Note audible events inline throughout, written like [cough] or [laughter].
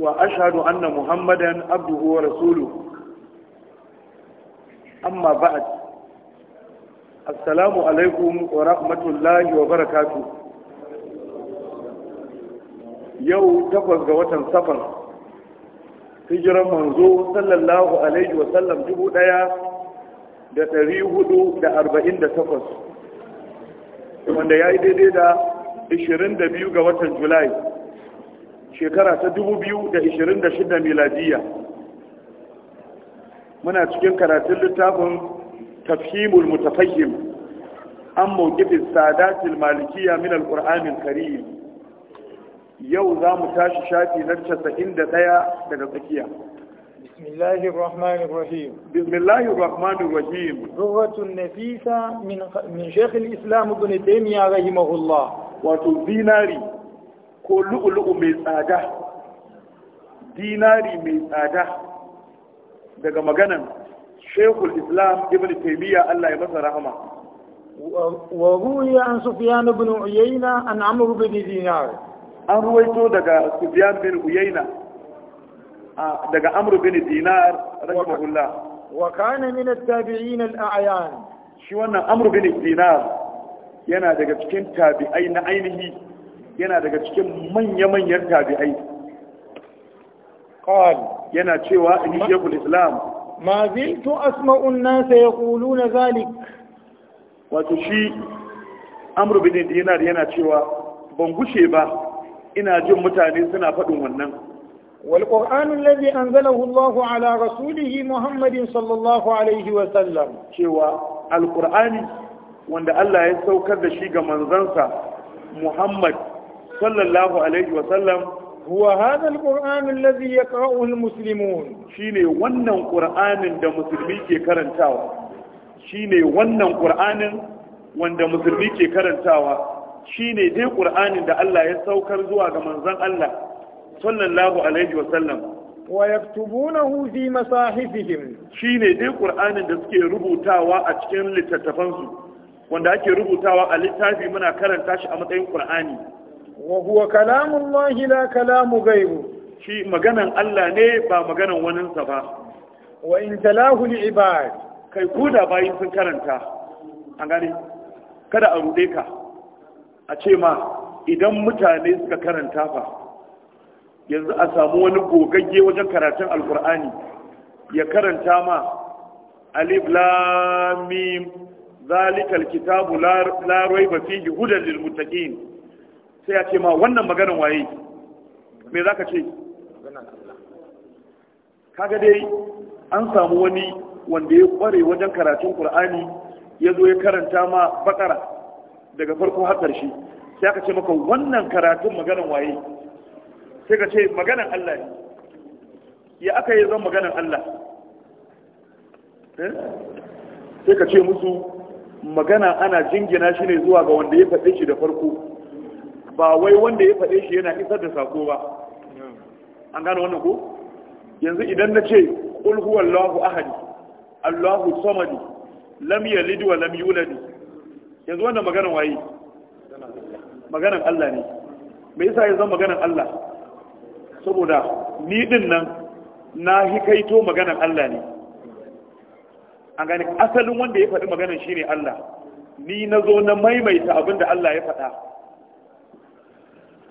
وأشهد أن محمدا عبده ورسوله أما بعد السلام عليكم ورحمة الله وبركاته يوم تقوز قوة سفر hijiran manzo sallallahu alaihi wa sallam dubu daya da dari hudu da arba'in da takwas wanda ya yi daidai da ishirin da biyu ga watan julai shekara ta 2026 miladiya muna cikin karatun littafin tafhimul mutafahim an mawqifis sadatil malikiya min alqur'anil karim yau za mu tashi shafi na 91 daga tsakiya بسم الله الرحمن الرحيم بسم الله الرحمن الرحيم ذرة نفيسة من من شيخ الإسلام ابن تيمية رحمه الله ko lu'ulu'u mai tsada dinari mai tsada daga maganan shekul islam ibn taimiyya allah ya masa rahama wa ruwiya an sufiyan ibn uyayna an amru bi dinar an ruwaito daga sufiyan bin uyayna daga amru bin dinar rahimahullah wa kana min at-tabi'in al-a'yan shi wannan amru bin dinar yana daga cikin tabi'ai na ainihi yana daga cikin manya-manyan tabi'ai qal yana cewa in shekul islam ma ziltu asma'u ya nas na zalik wato shi amr bin dinar yana cewa ban gushe ba ina jin mutane suna faɗin wannan والقرآن الذي أنزله الله على رسوله محمد صلى الله عليه وسلم شوى القرآن وأن الله يسوكر دشيق منزنسا محمد sallallahu alaihi wa sallam huwa hadha alquran alladhi yaqra'uhu almuslimun shine wannan qur'anin da musulmi ke karantawa shine wannan qur'anin wanda musulmi ke karantawa shine dai qur'anin da Allah ya saukar zuwa ga manzon Allah sallallahu alaihi wa sallam wa yaktubunahu fi masahifihim shine dai qur'anin da suke rubutawa a cikin littattafansu wanda ake rubutawa a littafi muna karanta shi a matsayin qur'ani wa huwa kalamullahi la kalamu ghayru shi maganan Allah ne ba maganan sa ba wa in talahu li ibad kai ko da bayin sun karanta an gane kada a rude ka a ce ma idan mutane suka karanta fa yanzu a samu wani gogagge wajen karatun alkur'ani ya karanta ma alif lam mim zalikal kitabu la raiba fihi hudan lil muttaqin sai ya ce ma wannan maganin waye me za ka ce kaga dai an samu wani wanda ya kware wajen karatun Kur'ani ya zo ya karanta ma bakara daga farko har ƙarshe sai aka ce maka wannan karatun maganin waye sai ka ce maganan Allah ne ya aka yi zan maganan Allah eh? sai ka ce musu magana ana jingina shi ne zuwa ga wanda ya faɗe shi da farko ba wai wanda ya faɗe shi yana isar da sako ba an gano wannan ko yanzu idan na ce huwa allahu Ahadi, allahu samadi lam yalid wa lam yulad yanzu wannan maganar waye maganar Allah ne me yasa yanzu magana maganar Allah saboda ni din nan na hikaito maganar Allah ne an gane asalin wanda ya faɗi maganar shine Allah ni na zo na maimaita abinda Allah ya faɗa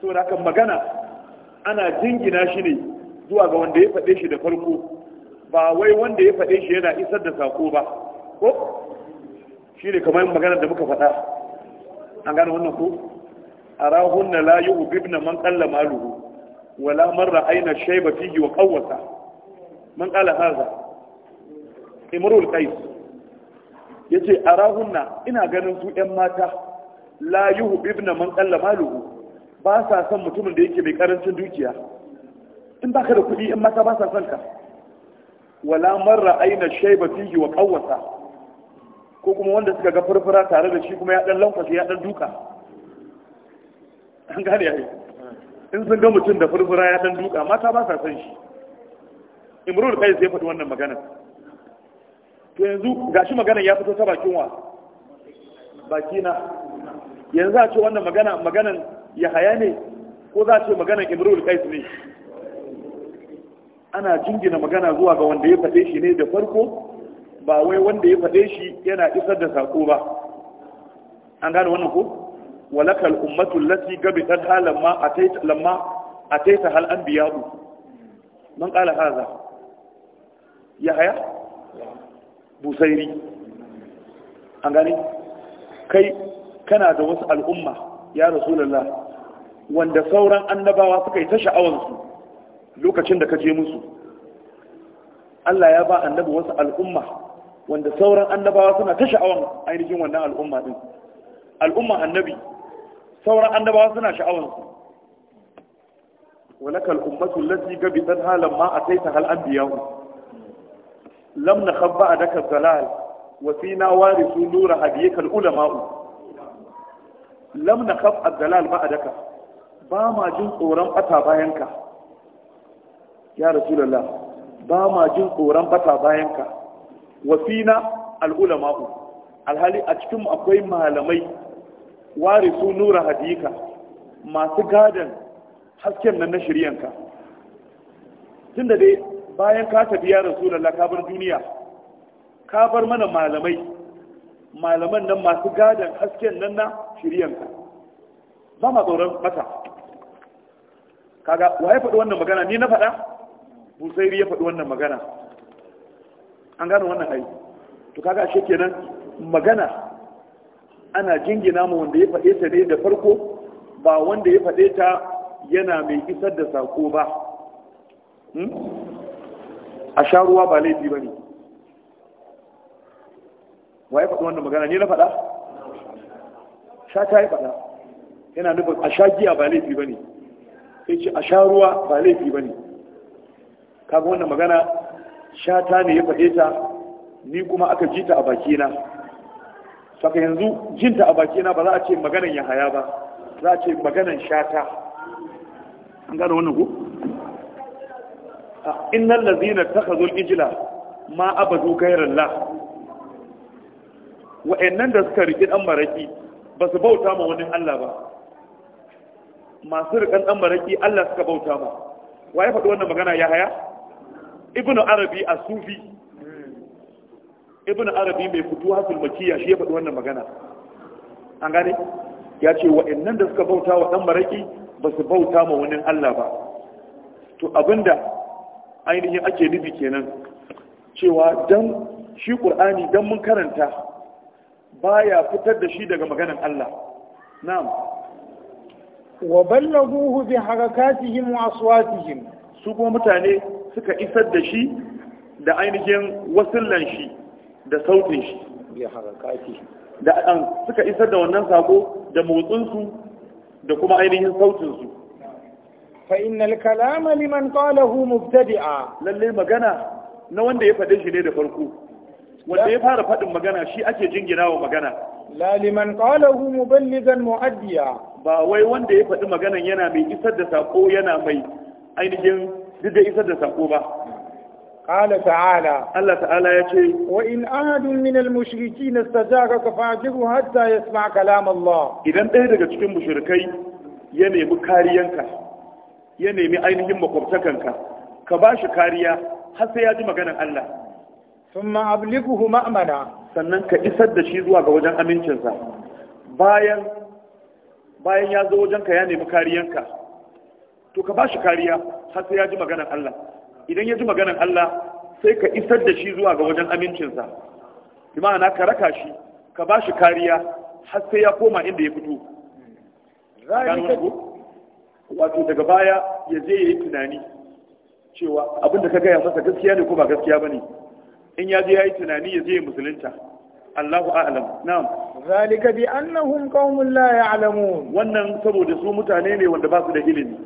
saboda haka magana ana jingina shi ne zuwa ga wanda ya faɗe shi da farko ba wai wanda ya faɗe shi yana isar da sako ba ko shi ne kamar magana da muka faɗa an gane wannan ko a na la yi na man ƙalla maluhu wala marra aina shaiba fiye wa kawwasa man ƙala haza ce a yace arahunna ina ganin su ƴan mata la ubib na man ƙalla maluhu ba sa son mutumin da yake mai karancin dukiya in baka da kuɗi in mata ba sa son ka wala marra aina shayba fihi wa qawwasa ko kuma wanda suka ga furfura tare da shi kuma ya dan lankwasa ya dan duka an gane yayi in sun ga mutum da furfura ya dan duka mata ba sa son shi imrul kai sai faɗi wannan magana to yanzu gashi magana ya fito ta bakin wa bakina yanzu a ce wannan magana maganan yahaya ne ko za a ce magana imrul kais ne ana jingina magana zuwa ga wanda ya faɗe shi ne da farko ba wai wanda ya faɗe shi yana isar da sako ba an gane wannan ko walakal ummatul lati gabitat lamma ataita lamma ataita hal anbiya'u man qala hadha yahaya busairi an gane kai kana da wasu al'umma ya rasulullah wanda sauran annabawa suka yi ta sha'awansu lokacin da ka je musu Allah ya ba annabi wasu al'umma wanda sauran annabawa suna ta sha'awan ainihin wannan al'umma din al'umma annabi sauran annabawa suna sha'awansu walaka al'ummatu lati gabi tan halan ma ataita hal anbiya'u lam nakhabba adaka zalal wa fina warisu nura hadiyaka al ulama'u lam nakhab ad-dalal ba ba'daka ba ma jin tsoron bata bayanka ya rasulullah ba ma jin tsoron bata bayanka wa fina al'ulama'u alhali a cikin akwai malamai warisu nura hadika masu gadan hasken nan na shiryanka tun da dai bayan ka tafi ya rasulullah ka bar duniya ka bar mana malamai malaman nan masu gadan hasken nan na shiryanka ba ma tsoron mata kaga wa ya faɗi wannan magana ni na faɗa busairi ya faɗi wannan magana an gano wannan ai to kaga ashe kenan magana ana jingina mu wanda ya faɗe ta ne da farko ba wanda ya faɗe ta yana mai isar da sako ba hmm? a sha ruwa ba laifi ba ne wa ya faɗi wannan magana Ni na faɗa sha ta yi faɗa yana nufin a sha giya ba laifi ba ne sai ce a sha ruwa ba laifi ba ne kama wannan magana shata ne ya faɗe ta ni kuma aka ji ta a bakina saka yanzu jinta a bakina ba za a ce maganan ya haya ba za a ce maganan shata an gano wannan ku? innan lazina ta ka zol ijila ma abadu gairar la wa'annan da suka riƙi ɗan maraƙi ba su bauta ma wani Allah ba masu rikan ɗan maraƙi Allah suka bauta ma wa ya faɗi wannan magana ya haya ibnu arabi a sufi ibnu arabi mai futuhatul makiya shi ya faɗi wannan magana an gane ya ce wa nan da suka bauta wa ɗan maraƙi ba su bauta ma wani Allah ba to abinda ainihin ake nufi kenan cewa dan shi ƙur'ani dan mun karanta baya fitar da shi daga maganan Allah na'am wa ballaghuhu bi harakatihim wa aswatihim su kuma mutane suka isar da shi da ainihin wasillan shi da sautin shi bi harakatihim da an suka isar da wannan sako da motsin su da kuma ainihin sautin su fa innal kalama liman qalahu mubtadi'a lalle magana na wanda ya faɗe shi ne da farko wanda ya fara faɗin magana shi ake jingina wa magana la liman qalahu muballighan mu'addiya ba wai wanda ya faɗi maganan yana mai isar da saƙo yana mai ainihin duk da isar da sako ba قال تعالى الله تعالى يجي وإن na من المشركين استجارك فاجره ya يسمع كلام الله Idan ɗaya daga cikin mushrikai ya nemi kariyanka ya nemi ainihin makwabtakanka ka bashi kariya har sai ya ji maganar Allah thumma ablighuhu ma'mana sannan ka isar da shi zuwa ga wajen amincinsa bayan bayan ya zo wajenka ya nemi kariyanka to ka ba shi kariya har sai ya ji maganar Allah idan ya ji maganar Allah sai ka isar da shi zuwa ga wajen amincinsa bi ma'ana ka raka shi ka ba shi kariya har sai ya koma inda ya fito wato daga baya ya je ya yi tunani cewa abin da ka gaya masa gaskiya ne ko ba gaskiya ba ne in ya je ya yi tunani ya je ya musulunta Allahu a'lam na'am zalika bi annahum qaumun alamu. wannan saboda su mutane ne wanda ba su da ilimi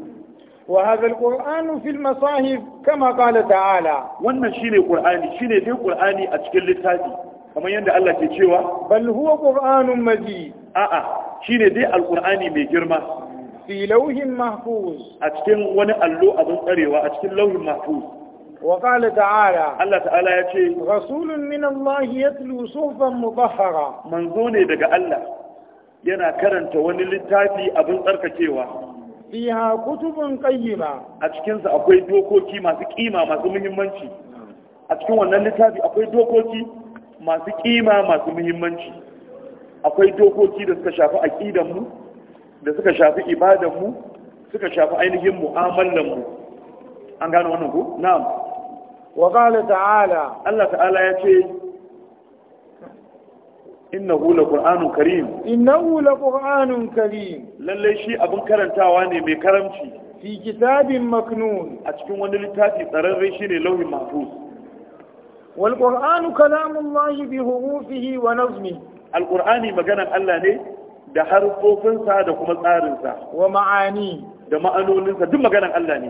wa hadha alquran fi almasahif kama qala ta'ala wannan shine qur'ani shine dai qur'ani a cikin littafi kamar yadda Allah ke cewa bal huwa qur'anun majid a'a shine dai alqur'ani mai girma fi lauhin mahfuz a cikin wani allo abin tsarewa a cikin lawhin mahfuz وقال تعالى الله تعالى يتي رسول من الله يتلو صحفا مطهرا منزوني دقى الله ينا كرن كرنت ونلتافي أبن ترككيوا فيها كتب قيمة أتكنز أقوي دوكوكي ما سكيمة ما سمه منشي أتكن للتافي أقوي دوكو كي ما سكيمة ما سمه منشي أقوي دوكو كي da suka أكيدا مو da suka shafi مو suka shafi ainihin mu'amalanmu an gano wannan ku na'am wa qala ta'ala Allah ta'ala ya ce innahu laqur'anun karim innahu laqur'anun karim Lallai shi abin karantawa ne mai karamci fi kitabin maknun a cikin wani littafi shi shine lauhin mahfuz wal kalaman kalamullahi bi hurufihi wa nazmi. Alƙur'ani maganan Allah ne da harfofinsa da kuma tsarinsa wa ma'ani da ma'anoninsa duk maganan Allah ne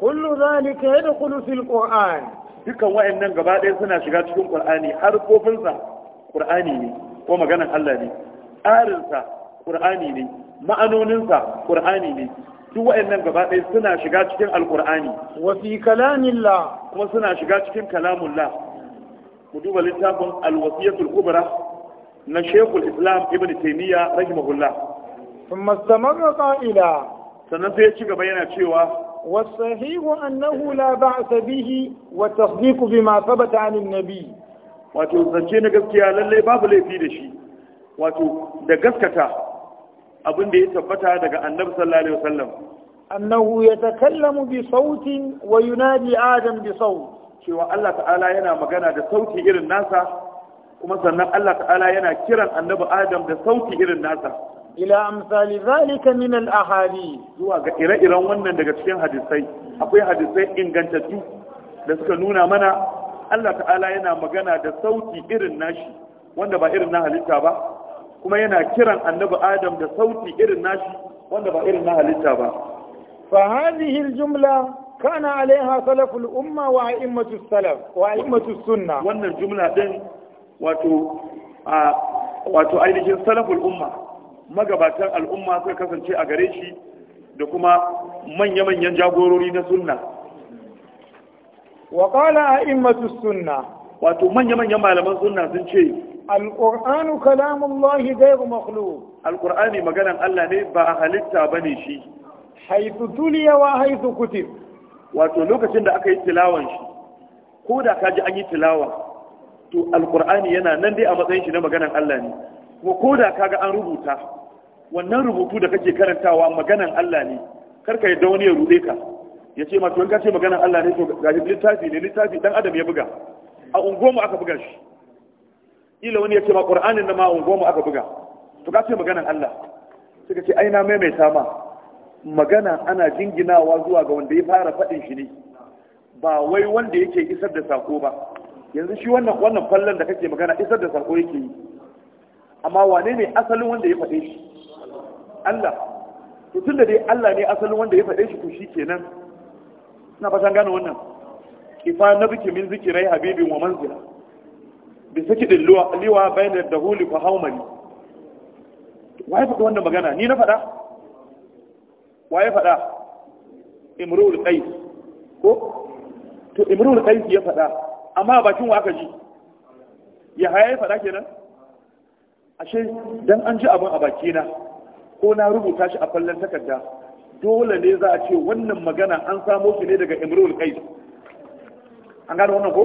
kullu zalika yadkhulu fil qur'an dukan wayannan gaba ɗaya suna shiga cikin qur'ani har kofinsa qur'ani ne ko maganar Allah ne tsarinsa qur'ani ne ma'anoninsa qur'ani ne duk wayannan gaba ɗaya suna shiga cikin alqur'ani wa fi kalamillah kuma suna shiga cikin kalamullah ku duba littafin alwasiyatul kubra na shekul islam ibn taymiya rahimahullah thumma istamarra qa'ila sannan sai ya ci gaba yana cewa والصحيح أنه لا بعث به والتصديق بما ثبت عن النبي wato zance na gaskiya lallai babu laifi da shi wato da gaskata abin da ya tabbata daga annabi sallallahu alaihi wasallam annahu yatakallamu bi sautin wa yunadi adam bi saut cewa Allah ta'ala yana magana da sauti irin nasa kuma sannan Allah ta'ala yana kiran annabi adam da sauti irin nasa ila amsali zalika min al ahadi zuwa ga ire-iren wannan daga cikin hadisai akwai hadisai ingantattu da suka nuna mana Allah ta'ala yana magana da sauti irin nashi wanda ba irin na halitta ba kuma yana kiran annabi Adam da sauti irin nashi wanda ba irin na halitta ba fa hadhihi al jumla kana alaiha salaful umma wa a'immatu salaf wa a'immatu sunna wannan jumla din wato wato ainihin salaful umma magabatan al'umma suka kasance a gare shi da kuma manya-manyan jagorori na sunna wa a immatu sunna wato manya-manyan malaman sunna sun ce al-qur'anu kalamullahi ghayru makhluq al maganan Allah ne ba a halitta ba ne shi haythu tuliya wa haythu kutib wato lokacin da aka yi tilawan shi ko da ka ji an yi tilawa to al-qur'ani yana nan dai a matsayin shi na maganan Allah ne kuma ko da kaga an rubuta wannan rubutu da kake karantawa maganan Allah ne karka yadda wani ya rude ka ya ce ma to in ka ce maganan Allah ne to ga littafi ne littafi dan adam ya buga a unguwarmu aka buga shi ila wani ya ce ma qur'anin na ma a unguwarmu aka buga to ka ce maganan Allah sai ka ce ai na maimaita ma magana ana jinginawa zuwa ga wanda ya fara faɗin shi ne ba wai wanda yake isar da sako ba yanzu shi wannan wannan fallan da kake magana isar da sako yake yi amma wane ne asalin wanda ya faɗe shi Allah to tunda dai Allah ne asalin wanda ya faɗe shi to kenan? ina fatan gane wannan kifa nabki min zikirai habibin wa manzila bi sakidin liwa liwa bayna dahuli fa haumali waye faɗi wannan magana ni na faɗa waye faɗa imrul qais ko to imrul qais ya faɗa amma bakin wa aka ji ya haye ya faɗa kenan ashe dan an ji abin a bakina ko na rubuta shi a fallon takarda dole ne za a ce wannan magana an samo shi ne daga imrul kai an gano wannan ko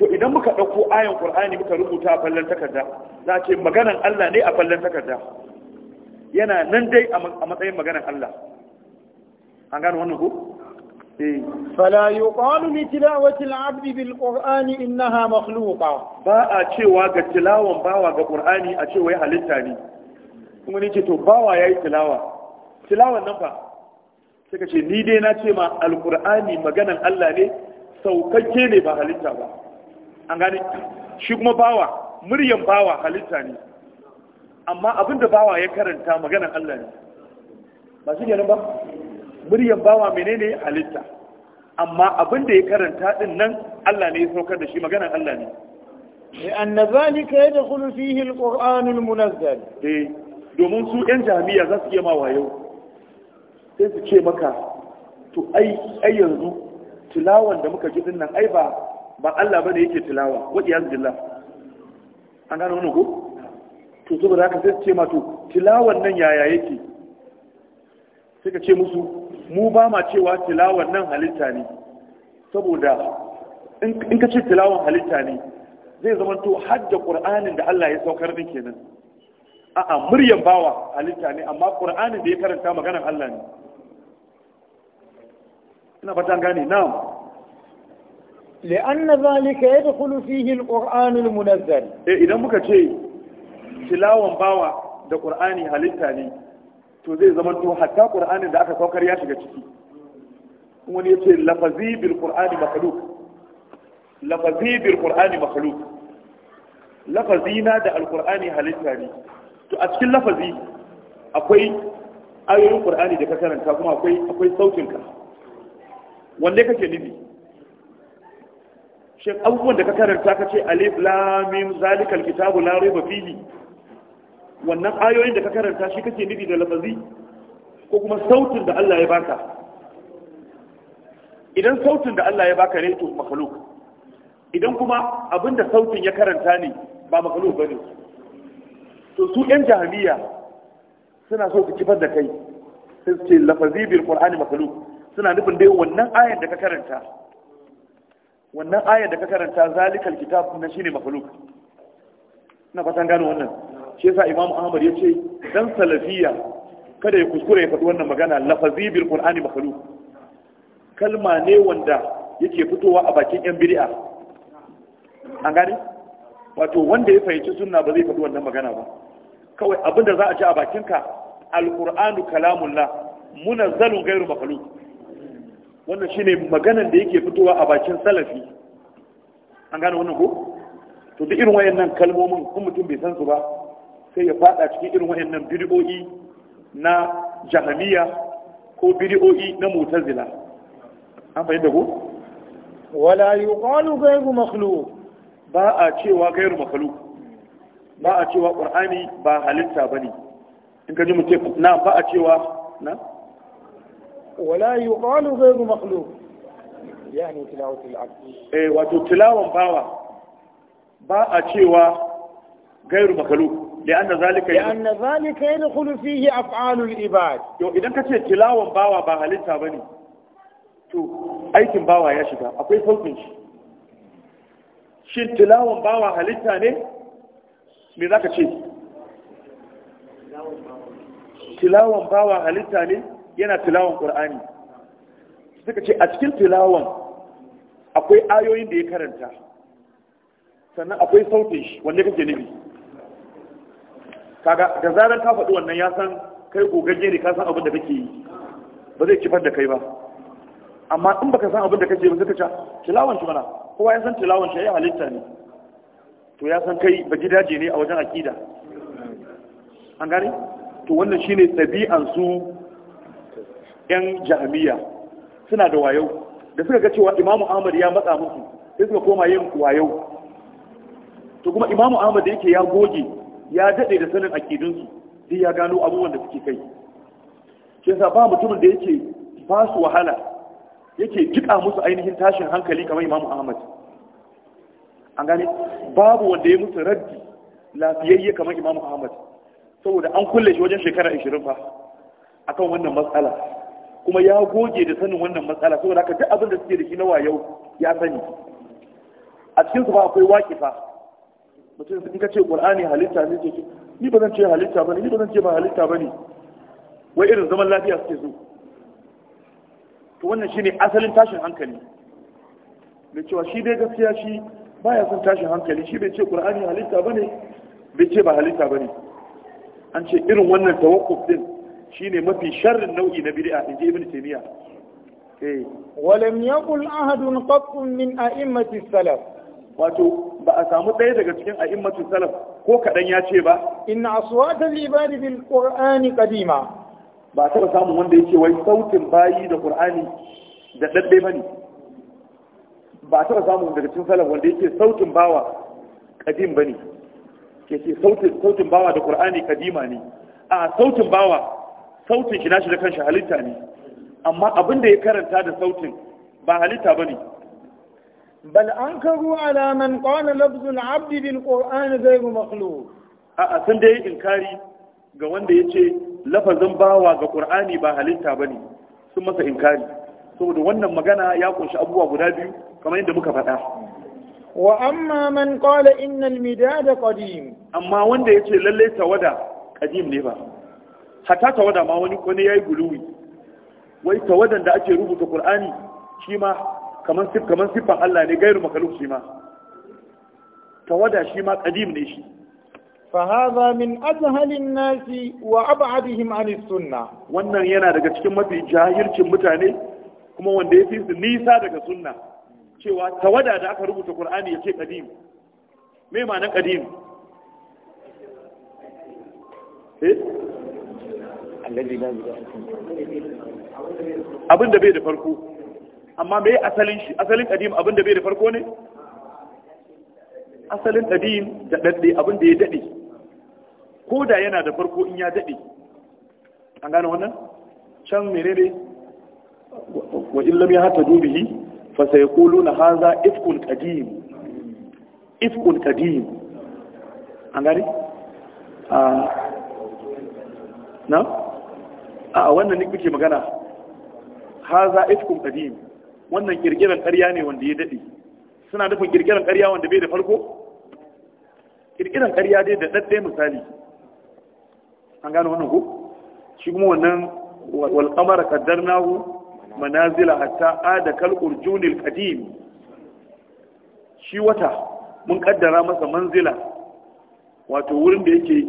to idan muka ɗauko ayan qur'ani muka rubuta a fallon takarda za a ce maganan Allah ne a fallon takarda yana nan dai a matsayin maganan Allah an gano wannan ko فلا يقال لتلاوة العبد بالقرآن إنها مخلوقة باء cewa ga tilawan bawa ga Qur'ani a cewa ya halitta ne kuma ne ce to bawa ya yi tilawa tilawan nan fa sai ka ce ni dai na ce ma alqur'ani maganan Allah ne saukakke ne ba halitta ba an gane shi kuma bawa muryan bawa halitta ne amma abinda bawa ya karanta maganan Allah ne ba shi kenan ba muryan bawa menene halitta amma abin da ya karanta din nan Allah ne ya saukar da shi maganar Allah ne لأن ذلك يدخل فيه القرآن Eh, domin su ‘yan jami'a za su iya ma wayo sai su ce maka to ai yanzu tilawan da muka gidin nan ai ba ba Allah ba da yake tilawa wadda yanzu an gano wani ko? to saboda haka sai su ce ma to tilawan nan yaya yake sai ka ce musu mu ba ma cewa tilawan nan halitta ne saboda in ka ce tilawan halitta ne zai zama to hadda ƙur'anin da Allah ya saukar din kenan a'a muryan bawa halitta ne amma ƙur'anin da ya karanta maganar Allah ne ina an gane na'am لأن ذلك يدخل فيه القرآن المنزل إذا eh, muka ce tilawar bawa da Qur'ani halitta ne to zai zama to hatta qur'anin da aka saukar ya shiga ciki wani ne yace lafazi bil qur'ani makhluq lafazi bil qur'ani makhluq lafazi na da qur'ani halitta ne to a cikin lafazi akwai ayoyin qur'ani da ka karanta kuma akwai akwai sautin ka wanda kake nufi shin abubuwan da ka karanta ka ce alif lam mim zalikal kitabu la rayba fihi wannan ayoyin da ka karanta shi kake nufi da lafazi ko kuma sautin da Allah ya baka idan sautin da Allah ya baka ne to makhluk idan kuma abinda sautin ya karanta ne ba makhluk bane to su yan jahiliya suna so su kifar da kai sai su ce lafazi bil qur'ani makhluk suna nufin dai wannan ayar da ka karanta wannan ayar da ka karanta zalikal kitab na shine makhluk ina fatan gano wannan shi yasa imam ahmad ya ce dan salafiya kada ya kuskure ya faɗi wannan magana lafazi bil qur'ani makhlu kalma ne wanda yake fitowa a bakin yan bid'a an gane. wato wanda ya fahimci sunna ba zai faɗi wannan magana ba kawai abinda za a ci a bakinka alqur'anu kalamullah munazzalu ghairu makhlu wannan shine maganan da yake fitowa a bakin salafi an gane wannan ko to duk irin wayannan kalmomin kun mutum bai san su ba sai ya fada cikin irin wayannan bid'o'i na jahamiya ko bid'o'i na mutazila an fahimta ko wala yuqalu ghayru makhluq ba a cewa ghayru makhluq ba a cewa qur'ani ba halitta bane in ka ji mutum na ba a cewa na wala yuqalu ghayru makhluq yani tilawati al-abd eh wato tilawan bawa ba a cewa gairu makhluq لأن ذلك لأن ذلك يدخل فيه أفعال الإباد يو إذا كنت تلاوة باوا باهلتا بني تو أي أيتم باوة يا شكا أقول فوقنش شين تلاوة باوة هلتا ني me za ka ce tilawan bawa halitta ne yana tilawan ƙur'ani suka ce a cikin tilawan akwai ayoyin da ya karanta sannan akwai sautin shi wanda kake nufi kaga da zarar ka faɗi wannan ya san kai gogagge ne ka san abin da kake yi ba zai kifar da kai ba amma in baka san abin da kake ba zaka ce tilawan shi mana kowa ya san tilawan shi ya halitta ne to ya san kai ba gidaje ne a wajen akida an gane to wannan shine ɗabi'an su yan jahamiya suna da wayo da suka ga cewa imamu ahmad ya matsa musu sai suka koma yin wayo to kuma imamu ahmad da yake ya goge ya daɗe da sanin akidunsu sai ya gano abubuwan da suke kai shi yasa ba mutumin da yake ba su wahala yake jika musu ainihin tashin hankali kamar imamu ahmad an gane babu wanda ya musu raddi lafiyayye kamar imamu ahmad saboda an kulle shi wajen shekara 20 fa akan wannan matsala kuma ya goge da sanin wannan matsala saboda haka duk abin da suke da shi na wayo ya sani a cikin su ba akwai waƙifa mutum in ka ce qur'ani halitta ne ce ni ba zan ce halitta ba ne, ni ba zan ce ba halitta ba ne. wai irin zaman lafiya suke zo? to wannan shine asalin tashin hankali mai cewa shi dai gaskiya shi baya son tashin hankali shi bai ce qur'ani halitta bane bai ce ba halitta ba ne? an ce irin wannan tawakkuf din shine mafi sharrin nau'i na bid'a inji ibnu taymiya eh walam yaqul ahadun qattun min a'immati salaf wato ba a samu ɗaya daga cikin a'immatul salaf ko kaɗan ya ce ba inna aswatal ibadi bil qur'ani qadima ba ta samun wanda yake wai sautin bayi da qur'ani da daddai bane ba ta samun daga cikin salaf wanda yake sautin bawa qadim bane ke ce sautin sautin bawa da qur'ani qadima ne a sautin bawa sautin shi nashi da kanshi halitta ne amma abin da ya karanta da sautin ba halitta bane bal ankaru ala man qala lafzu al-abd bil qur'an ghayru makhluq a sun dai inkari ga wanda ya ce lafazin bawa ga qur'ani ba halitta ba ne, sun masa inkari saboda wannan magana ya kunshi abubuwa guda biyu kamar yadda muka faɗa wa amma man qala inna al-midada qadim amma wanda yace lalle tawada qadim ne ba hatta tawada ma wani kone yayi guluwi wai tawadan da ake rubuta qur'ani shi ma kamar kamar Allah ne gairu makaluk shi ma tawada shi ma ƙadim ne shi فهذا من أجهل الناس وأبعدهم عن السنة wannan yana daga cikin mafi jahircin mutane kuma wanda ya fi nisa daga sunna cewa tawada da aka rubuta Qur'ani yace qadim me ma'anar qadim eh abinda bai da farko amma me asalin shi asalin kadim abin da bai da farko ne asalin kadim da dadde abin da ya dade ko da yana da farko in ya dade an gane wannan can menene wa in lam yahtadu bihi fa sayquluna hadha ifkun qadim ifkun qadim an gari a na a wannan ne kuke magana haza ifkun qadim wannan kirkiran ƙarya ne wanda ya daɗe suna nufin kirkiran ƙarya wanda bai da farko kirkiran ƙarya dai da ɗaɗɗe misali an gano wannan ko shi kuma wannan walƙamar nahu manazila hatta ada kalƙur junil ƙadim shi wata mun ƙaddara masa manzila wato wurin da yake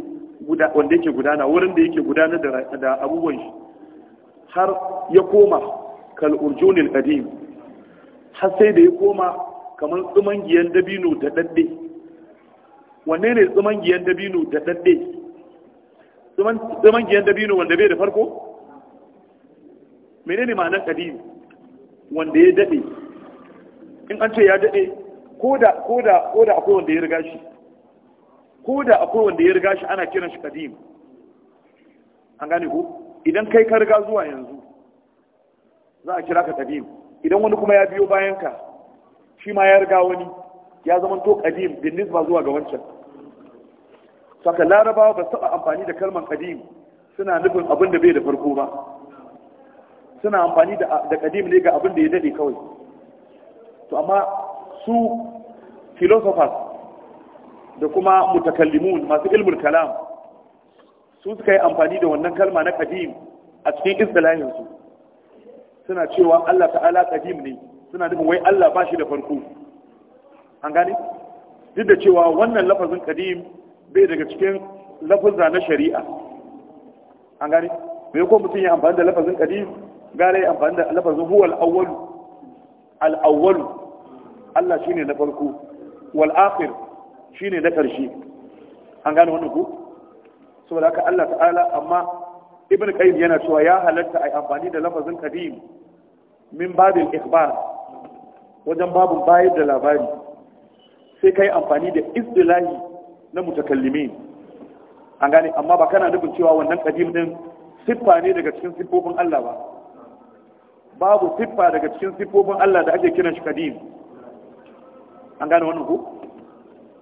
wanda yake gudana wurin da yake gudanar da abubuwan shi har ya koma kal'urjunin urjunil har sai da ya koma kamar giyan dabino da ɗaɗɗe wanne ne giyan dabino da tsuman giyan dabino wanda bai da farko ne ma'anar kadim wanda ya daɗe? in an ce ya daɗe? ko da akwai wanda ya riga shi ko da akwai wanda ya riga shi ana kiran shi kadim an gane ko idan kai ka riga zuwa yanzu za a kira ka kadim idan wani kuma ya biyo bayan ka shi ma ya riga wani ya zama to kadim bin nisba zuwa ga wancan saka larabawa ba saba amfani da kalman kadim suna nufin abin da bai da farko ba suna amfani da kadim ne ga abin da ya dade kawai to amma su philosophers da kuma mutakallimun masu ilmul kalam su suka yi amfani da wannan kalma na kadim a cikin istilahinsu suna cewa Allah ta'ala qadim ne suna nufin wai Allah ba shi da farko an gane duk da cewa wannan lafazin qadim bai daga cikin lafuzza na shari'a an gane bai ko mutum ya amfani da lafazin qadim gare ya amfani da lafazin huwa al-awwal al-awwal Allah shine na farko wal akhir shine na karshe an gane wannan ku saboda haka Allah ta'ala amma ibn qayyim yana cewa ya halatta ai amfani da lafazin qadim min babil ikhbar wajen babun bayar da labari sai kai amfani da istilahi na mutakallimin an gane amma ba kana nufin cewa wannan qadim din siffa ne daga cikin siffofin Allah ba babu siffa daga cikin siffofin Allah da ake kiran shi qadim an gane wannan ku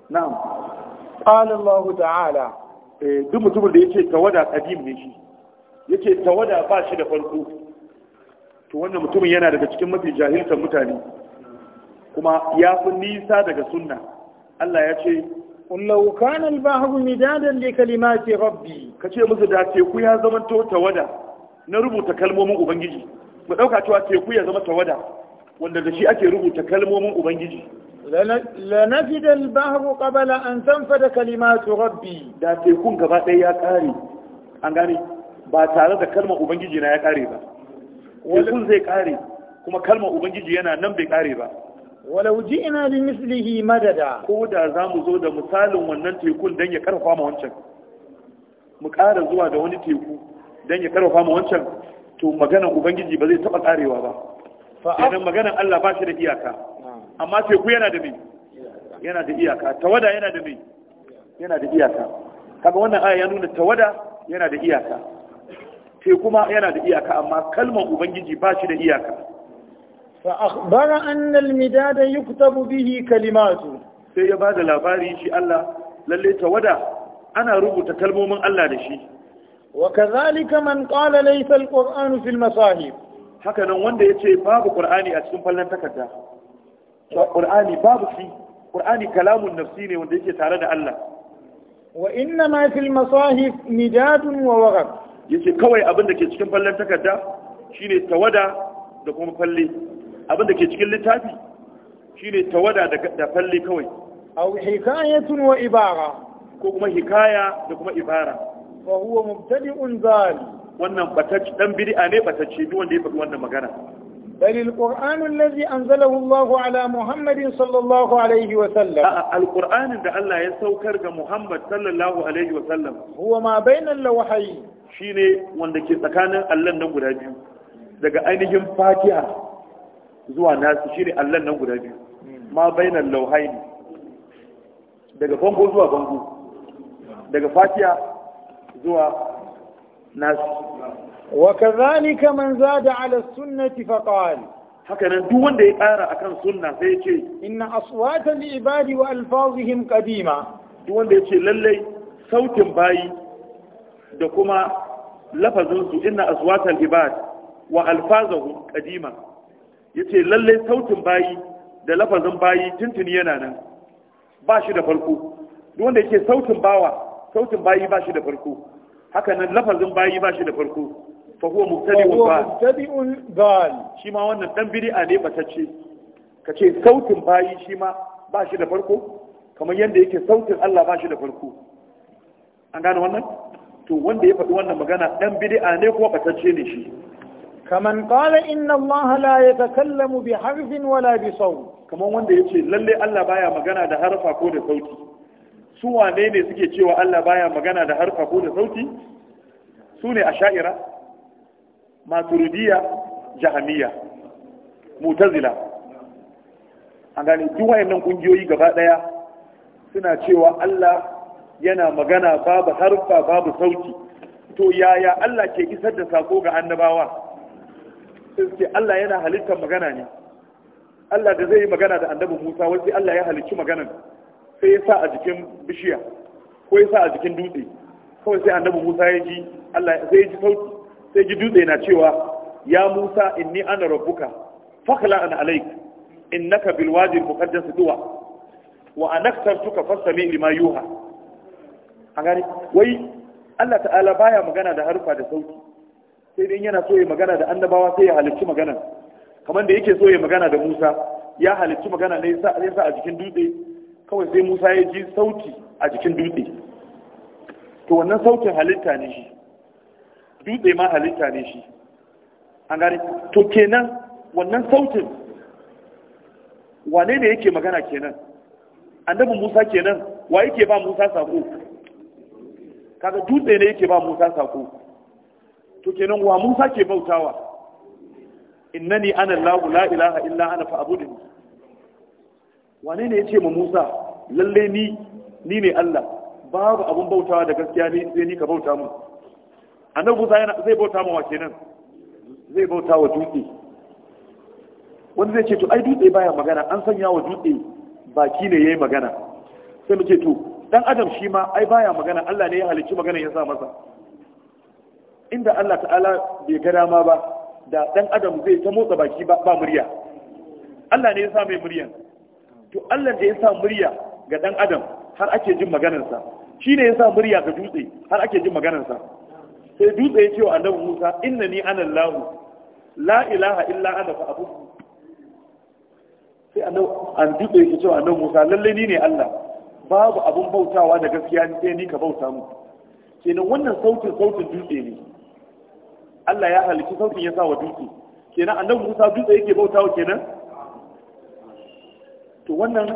na'am qala Allah ta'ala eh, duk mutumin da yake tawada qadim ne shi yake tawada ba shi da farko to wannan mutumin yana daga cikin mafi jahiltar mutane kuma ya fi nisa daga sunna Allah ya ce Allahu kana albahu midadan li kalimati rabbi kace musu da teku ya zama to tawada na rubuta kalmomin ubangiji mu dauka cewa teku ya zama tawada wanda da shi ake rubuta kalmomin ubangiji la nafida albahu qabla an tanfada kalimatu rabbi da tekun gaba ɗaya ya kare an gane ba tare da kalmar ubangiji na ya kare ba tekun zai kare kuma kalmar ubangiji yana nan bai kare ba wuji ina bi mislihi madada ko da za mu zo da misalin wannan tekun dan ya karfafa ma wancan mu ƙara zuwa da wani teku dan ya karfafa ma wancan to maganar ubangiji ba zai taɓa ƙarewa ba idan maganar Allah ba shi da iyaka amma teku yana da mai yana da iyaka tawada yana da mai yana da iyaka kaga wannan aya ya nuna tawada yana da iyaka kuma yana da iyaka amma kalmar ubangiji ba shi da iyaka fa akhbara anna al-midada yuktabu bihi kalimatu sai ya bada labari shi Allah lalle tawada ana rubuta kalmomin Allah da shi wa kadhalika man qala laysa al-qur'anu fil haka nan wanda yace babu qur'ani a cikin fallan takarda qur'ani babu shi qur'ani kalamun nafsi ne wanda yake tare da Allah wa inna ma fil masahif midadun wa waraq yake kawai abin da ke cikin fallon takarda shine tawada da kuma falle abin da ke cikin littafi shine tawada da falle kawai aw hikayatun wa ibara ko kuma hikaya da kuma ibara fa huwa mubtadi'un zal wannan batacci dan bid'a ne batacci duk wanda ya faɗi wannan magana بل القرآن الذي أنزله الله على محمد صلى الله عليه وسلم القرآن ده الله يسوكر محمد صلى الله عليه وسلم هو ما بين اللوحين shine wanda ke tsakanin Allah nan guda biyu daga ainihin Fatiha zuwa nasu shine Allah nan guda biyu ma bainal lauhaini daga bango zuwa bango daga Fatiha zuwa وكذلك من زاد على السنة فقال هكذا ya وند a kan sunna sai yace inna aswata al-ibadi wa alfazihim duk wanda yace lallai, sautin bayi da kuma lafazin sautin bayi da lafazin bayi tuntuni yana nan ba shi da farko duk wanda yake sautin bawa sautin bayi ba shi da farko haka nan lafazin bayi ba shi da farko fa huwa mubtadi'un dal shi ma wannan dan bid'a ne batacce kace sautin bayi shi ma ba shi da farko kamar yadda yake sautin Allah ba shi da farko an gane wannan to wanda ya faɗi wannan magana dan bid'a ne kuma batacce ne shi kaman qala inna Allah la yatakallamu bi harfin wala bi sawt kamar wanda yace lalle Allah baya magana da harfa ko da sauti su wane ne suke cewa Allah baya magana da harfa ko da sauti su ne a sha'ira maturidiya jahamiya mutazila an gane duk wayannan kungiyoyi gaba daya suna cewa Allah yana magana babu harfa babu sauti to yaya Allah ke isar da sako ga annabawa sai Allah yana halittar magana ne Allah da zai yi magana da annabi Musa wai Allah ya halicci maganan sai ya sa a jikin bishiya ko ya sa a jikin dutse kawai sai annabi Musa ya ji Allah sai ya ji sauti sai ji dutse na cewa ya musa inni ana rabbuka fakla an alaik innaka bil wadi al muqaddas duwa wa anaktartuka fasami lima yuha an wai Allah ta'ala baya magana da harfa da sauti sai dai yana so ya magana da annabawa sai ya halicci magana kamar da yake so ya magana da Musa ya halicci magana ne sa sa a jikin dutse kawai sai Musa ya ji sauti a jikin dutse to wannan sautin halitta ne shi dutse ma halitta ne shi an gari to kenan wannan sautin wane ne yake magana kenan annabi musa kenan wa yake ba musa sako kaga dutse ne yake ba musa sako to kenan wa musa ke bautawa innani ana allahu la ilaha illa ana fa fa'budni wane ne yake ma musa lalle ni ni ne allah babu abun bautawa da gaskiya ne sai ni ka bauta mu annabu Musa yana zai bauta ma wa kenan zai bauta wa dutse wanda zai ce to ai dutse baya magana an sanya wa dutse baki ne yayi magana sai mu ce to dan adam shi ma ai baya magana Allah ne ya halicci magana ya sa masa inda Allah ta'ala bai ga dama ba da dan adam zai ta motsa baki ba ba murya Allah ne ya sa mai muryan to Allah da ya sa murya ga dan adam har ake jin maganarsa shi ne ya sa murya ga dutse har ake jin maganarsa sai dutse ya ce wa annabi musa inna ni ana lahu la ilaha illa ana fa abu sai an dutse ya ce wa annabi musa lalle ni ne allah babu abun bautawa da gaskiya ni sai ni ka bauta mu kenan wannan sautin sautin dutse ne allah ya halici sautin ya sa wa dutse kenan annabi musa dutse yake bautawa kenan to wannan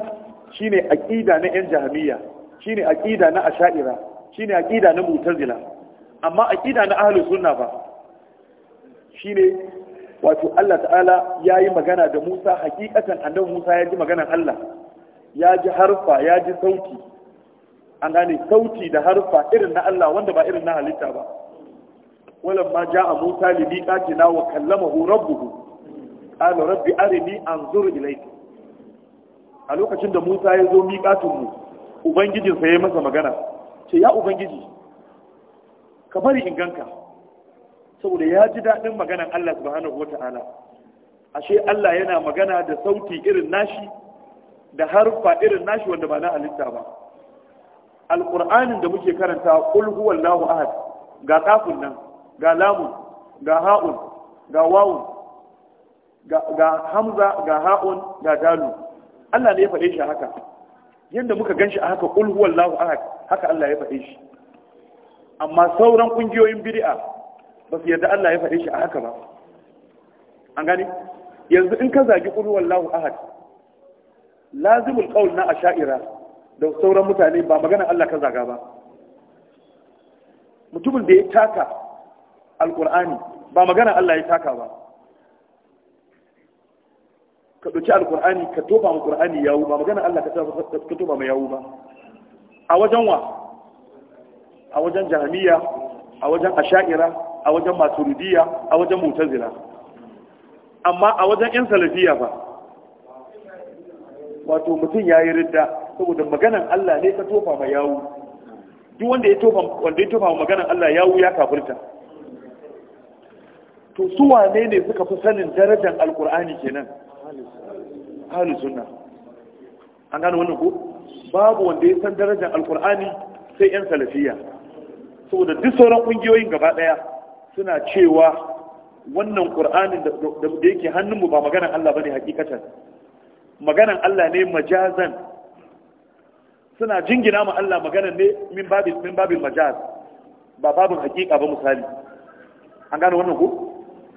shine aqida na yan jahmiya shine aqida na asha'ira shine aqida na mu'tazila amma a aqida na ahlus sunna ba ne wato Allah ta'ala ya yi magana da Musa hakikatan annabi Musa ya ji maganar Allah ya ji harfa ya ji sauti an gane sauti da harfa irin na Allah wanda ba irin na halitta ba walam ma ja'a Musa li na wa kallamahu rabbuhu qala rabbi arini anzur ilayka a lokacin da Musa ya zo miqatun mu ubangijinsa ya masa magana ce ya ubangiji ka bari in ganka saboda ya ji daɗin maganan Allah subhanahu ta'ala ashe Allah yana magana da sauti irin nashi da harfa irin nashi wanda ba na halitta ba alƙur'anin da muke karanta qul huwallahu ahad ga kafun nan ga lamun ga ha'un ga wawun ga hamza ga ha'un ga dalu Allah ne ya faɗe shi haka yadda muka gan a haka ƙul huwallahu ahad haka Allah ya faɗe shi amma sauran kungiyoyin bid'a ba su yarda Allah ya faɗe shi a haka ba an gani yanzu in ka zagi qul wallahu ahad lazimul qaul na asha'ira da sauran mutane ba magana Allah ka zaga ba mutumin da ya taka alqur'ani ba magana Allah ya taka ba ka ɗauki alkur'ani ka toba ma ƙur'ani yawu ba magana Allah ka toba ma yawu ba a wajen wa a wajen jahamiya a wajen asha'ira a wajen maturidiya a wajen mutazila amma a wajen yan salafiya ba wato mutum ya yi ridda saboda maganan Allah ne ka tofa ma yawu duk wanda ya tofa wanda ya tofa maganan Allah yawu ya kafirta to su wane ne suka fi sanin darajar alkur'ani kenan ahli sunna an gano wannan ko babu wanda ya san darajar alkur'ani sai yan salafiya saboda duk sauran ƙungiyoyin gaba ɗaya suna cewa wannan ƙur'anin da yake hannunmu ba maganan Allah ba ne hakikatan maganan Allah ne majazan suna jingina ma Allah maganan ne min babin majaz ba babin hakika ba misali an gano wannan ku?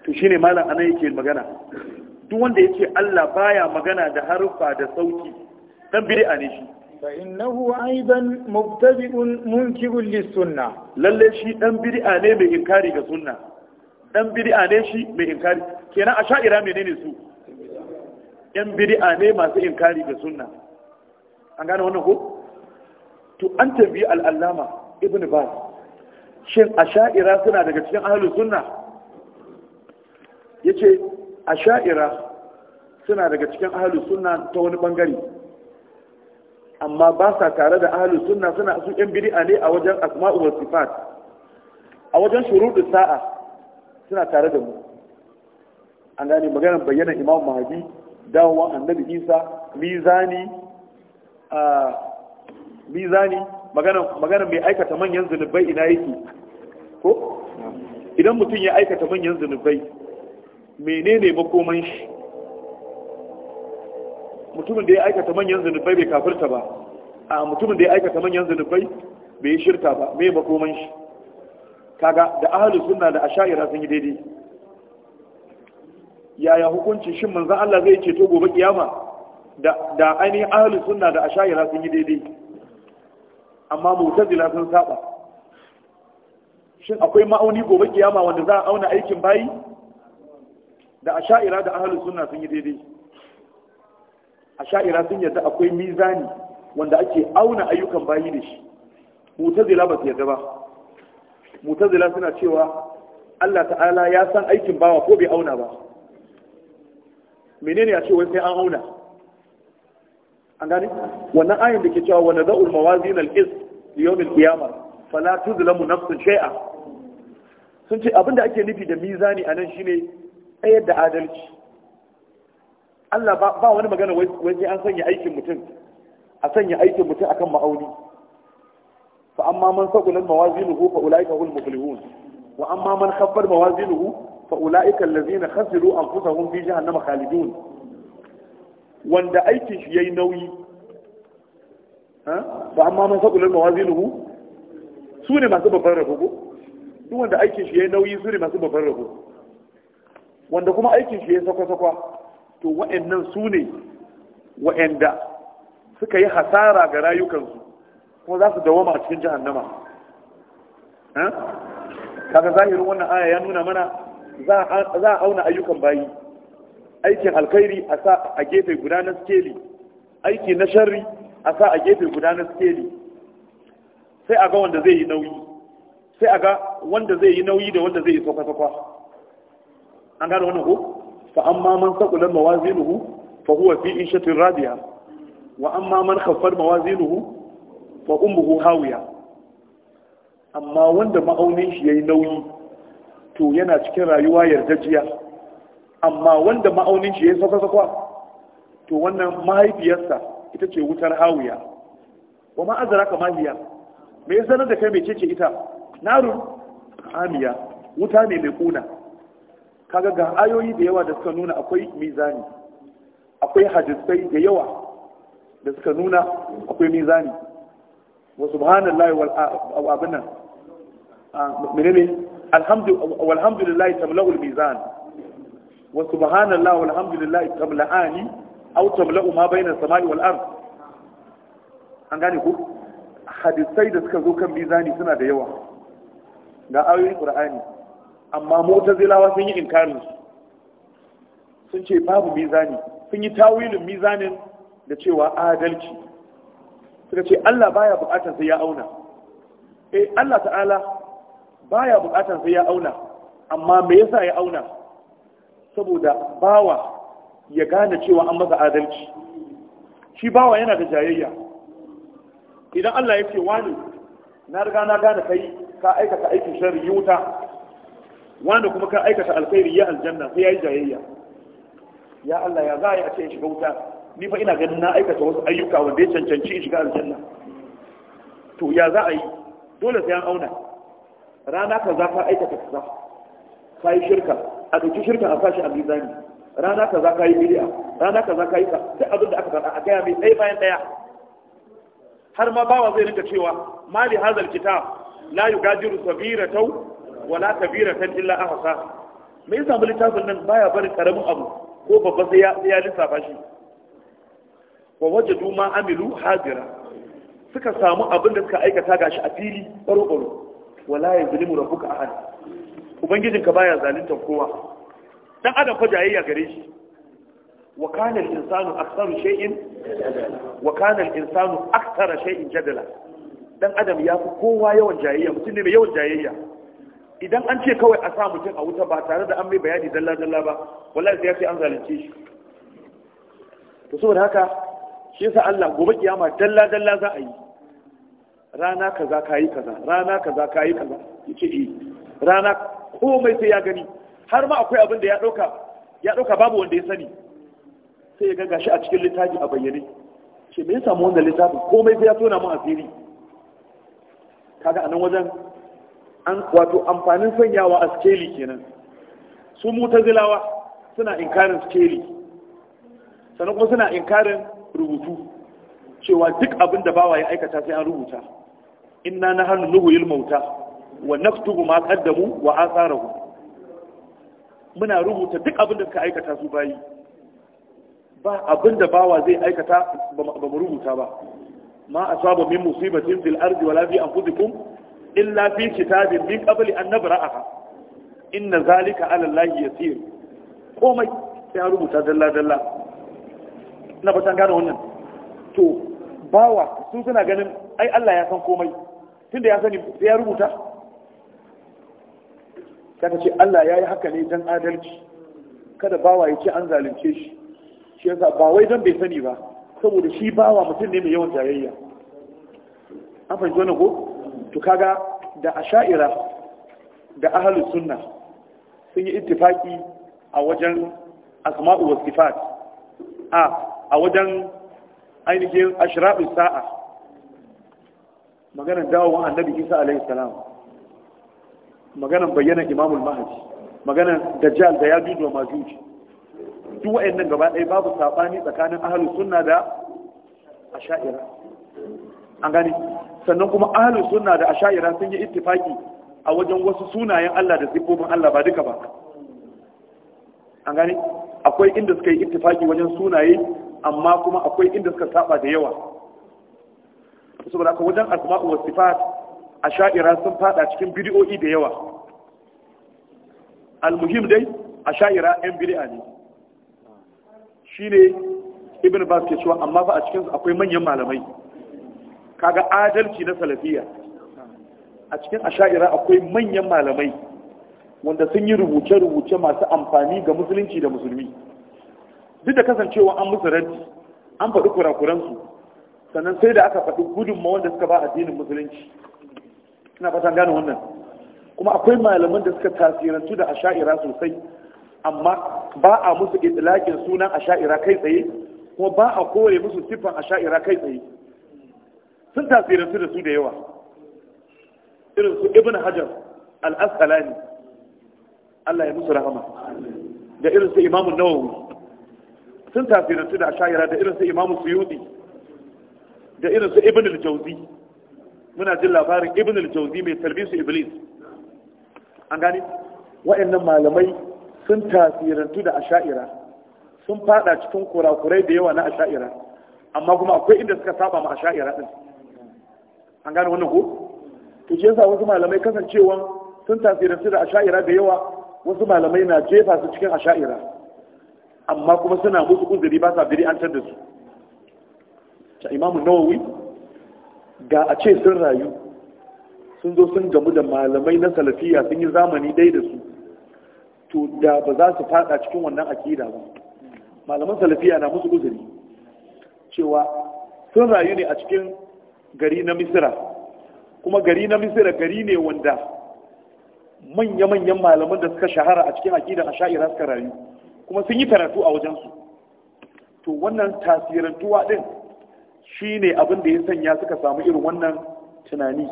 to shi ne malam anan yake magana duk wanda yake Allah baya magana da haruffa da sauti dan bid'a ne shi فإنه أيضا مبتدئ منكر للسنة للي شيء دم بدعة ne mai inkari ga sunna dan bid'a ne shi mai inkari kenan a sha'ira menene su yan bid'a ne masu inkari ga sunna an gane wannan ko to an tambayi al-allama ibn baz shin asha'ira suna daga cikin ahlus sunna yace asha'ira suna daga cikin ahlus sunna ta wani bangare amma ba sa tare da ahalus sunna suna su yan bid'a ne a wajen asma'u wa sifat a wajen shuruɗu sa'a suna tare da mu an gane magana bayyana imam mahdi dawowa annabi isa mizani a mizani magana mai aikata manyan zunubai ina yake ko idan mutum ya aikata manyan zunubai menene makoman shi mutumin da ya aikata manyan zunubai bai kafirta ba a mutumin da ya aikata manyan zunubai bai yi shirka ba mai makoman shi kaga da ahalus sunna da asha'ira sun yi daidai yaya hukunci shin manzon Allah zai ce to gobe kiyama da da ainihin ahalus sunna da asha'ira sun yi daidai amma mu'tazila sun saba shin akwai ma'auni gobe kiyama wanda za a auna aikin bayi da asha'ira da ahalus sunna sun yi daidai a sha'ira sun yarda akwai mizani wanda ake auna ayyukan bayi da shi mutazila ba su yarda ba mutazila suna cewa Allah ta'ala ya san aikin bawa ko bai auna ba menene ya ce wai sai an auna an gani wannan ayin da ke cewa wa nada'ul mawazin al-qist li yawm al fala tuzlamu nafsun shay'a sun ce abinda ake nufi da mizani anan shine tsayar da adalci Allah ba wani magana wai sai an sanya aikin mutum a sanya aikin mutum akan ma'auni fa amma man saqulat mawazinuhu fa ulaika hul muflihun wa amma man khaffat mawazinuhu fa ulaika allazina khasiru anfusahum fi jahannama khalidun wanda aikin shi yayi nauyi fa amma man saqulat mawazinuhu su ne masu babban rabo duk wanda aikin shi yayi nauyi su ne masu babban rabo wanda kuma aikin shi yayi sakwa-sakwa to wa'annan su ne wa'anda suka yi hasara ga rayukansu kuma za su dawama a cikin jahannama kaga zahirin wannan aya ya nuna mana za a auna ayyukan bayi aikin alkhairi a sa a gefe guda na skeli aiki na sharri a sa a gefe guda na skeli sai a ga wanda zai yi nauyi sai a ga wanda zai yi nauyi da wanda zai yi sakwa-sakwa an gano wannan ko fa amma man saqulat mawazinuhu fa huwa fi ishatin radiya wa amma man khaffat mawazinuhu fa ummuhu hawiya amma wanda ma'aunin shi yayi nauyi to yana cikin rayuwa yardajiya amma wanda ma'aunin shi yayi sakwa to wannan mahaifiyarsa ita ce wutar hawiya wa ma azraka mahiya me ya sanar da kai mecece ita narun amiya wuta ne mai ƙuna. kaga ga ayoyi da yawa da suka nuna akwai mizani akwai hadisai da yawa da suka nuna akwai mizani wa subhanallahi wal abin nan menene alhamdulillahi tamla'u al-mizan wa subhanallahi walhamdulillahi tamla'ani aw tamla'u ma bayna as-sama'i wal ard an gane ku hadisai da suka zo kan mizani suna da yawa ga ayoyi qur'ani amma mu'tazilawa sun yi inkarin sun ce babu mizani sun yi tawilin mizanin da cewa adalci suka ce Allah baya bukatar sai ya auna eh Allah ta'ala baya bukatar sai ya auna amma me yasa ya auna saboda bawa ya gane cewa an masa adalci shi bawa yana da jayayya idan Allah ya ce wani na riga na gane kai ka aikata aikin shari'i wuta wanda kuma ka aikata alkhairi ya aljanna sai ya yi jayayya ya Allah ya za a yi a ce in shiga wuta ni fa ina ganin na aikata wasu ayyuka wanda ya cancanci in shiga aljanna to ya za a yi dole sai an auna rana kaza ka aikata kaza ka yi shirka a ɗauki shirka a sashi a mizani rana kaza ka yi bidiya rana kaza ka yi ka duk abin da aka faɗa a gaya mai ɗaya bayan ɗaya har ma bawa zai rinka cewa mali hazal kitab la yugadiru sabiratan wala kabira kan illa ahsa me yasa mu littafin nan baya barin karamin abu ko babba sai ya ya lissafa shi wa wajadu ma amilu hadira suka samu abin da suka aikata gashi a fili baro baro wala yazlimu rabbuka ahad ubangijinka baya zalunta kowa dan adam fa jayayya gare shi wa kana al-insanu aktharu shay'in wa kana al-insanu akthara shay'in jadala dan adam ya fi kowa yawan jayayya mutum ne mai yawan jayayya idan an ce kawai a sa mutum a wuta ba tare da an mai bayani dalla dalla ba wallahi sai ya ce an zalunce shi to saboda haka shi yasa Allah gobe kiyama dalla dalla za a yi rana kaza kayi kaza rana kaza kayi kaza yace eh rana komai sai ya gani har ma akwai abin da ya dauka ya dauka babu wanda ya sani sai ya ga gashi a cikin littafi a bayyane shi me ya samu wannan littafin komai sai ya tona mu asiri kaga anan wajen wato amfanin sanyawa a skeli kenan su mutazilawa suna inkarin skeli sannan kuma suna inkarin rubutu cewa duk abin da bawa ya aikata sai an rubuta inna na hannu nuhuyil mauta wa naktubu ma kaddamu wa atharahu muna rubuta duk abin da suka aikata su bayi ba abin da bawa zai aikata ba mu rubuta ba ma asaba min musibatin fil ardi wala bi anfusikum illa fi kitabin min qabli an nabra'aha inna zalika 'ala allahi yasir komai sai an rubuta dalla dalla ina fatan gane wannan to bawa su suna ganin ai Allah ya san komai tunda ya sani sai ya rubuta kaka ce Allah ya yi haka ne don adalci kada bawa ya ce an zalunce shi shi yasa ba wai don bai sani ba saboda shi bawa mutum ne mai yawan jayayya an fahimci wannan ko to kaga da asha'ira da ahlus sunna sun yi ittifaki a wajen asma'u was sifat a a wajen ainihin ashra'u sa'a maganar dawowar annabi Isa alayhi salam maganar bayyana imamul mahdi maganar dajjal da ya wa majuji, duk wayannan gaba ɗaya babu sabani tsakanin ahlus sunna da asha'ira an gani sannan kuma ahlus sunna da asha'ira sun yi ittifaki a wajen wasu sunayen Allah da sifofin Allah ba duka ba an gani akwai inda suka yi ittifaki wajen sunaye amma kuma akwai inda suka saba da yawa saboda ka wajen asma'u was sifat asha'ira sun fada cikin bid'o'i da yawa almuhim dai asha'ira yan bid'a ne shine ibn bas ke cewa amma fa a cikin akwai manyan malamai kaga adalci na salafiya a cikin asha'ira akwai manyan malamai wanda sun yi rubuce-rubuce masu amfani ga musulunci da musulmi duk da kasancewa an musu an faɗi kurakuransu sannan sai da aka faɗi gudunma wanda suka ba addinin musulunci ina fatan gane wannan kuma akwai malaman da suka tasirantu da asha'ira sosai amma ba a musu itlaƙin sunan asha'ira kai tsaye kuma ba a kore musu siffan asha'ira kai tsaye sun tasirantu da su da yawa irin su ibn hajar al-asqalani Allah ya musu rahama da irin su imamun nawawi sun tasirantu da ashayira da irin su imamu suyudi da irin su ibn al-jawzi muna jin labarin ibn al-jawzi mai talbisu iblis an gani wa'annan malamai sun tasirantu da asha'ira sun fada cikin kurakurai da yawa na asha'ira amma kuma akwai inda suka saba ma sha'ira din an gane wannan ko to shi yasa wasu malamai kasancewa sun tasirantu da asha'ira da yawa wasu malamai na jefa su cikin asha'ira amma kuma suna musu uzuri ba sa biri an tar da su ta imamu nawawi ga a ce sun rayu sun zo sun gamu da malamai na salafiya sun yi zamani dai da su to da ba za su fada cikin wannan akida ba malaman salafiya na musu uzuri cewa sun rayu ne a cikin gari na misira kuma gari na misira gari ne wanda manya-manyan malaman da suka shahara a cikin aƙidan a sha'ira suka rayu kuma sun yi karatu a wajensu to wannan tasirantuwa ɗin shi ne abin ya sanya suka samu irin wannan tunani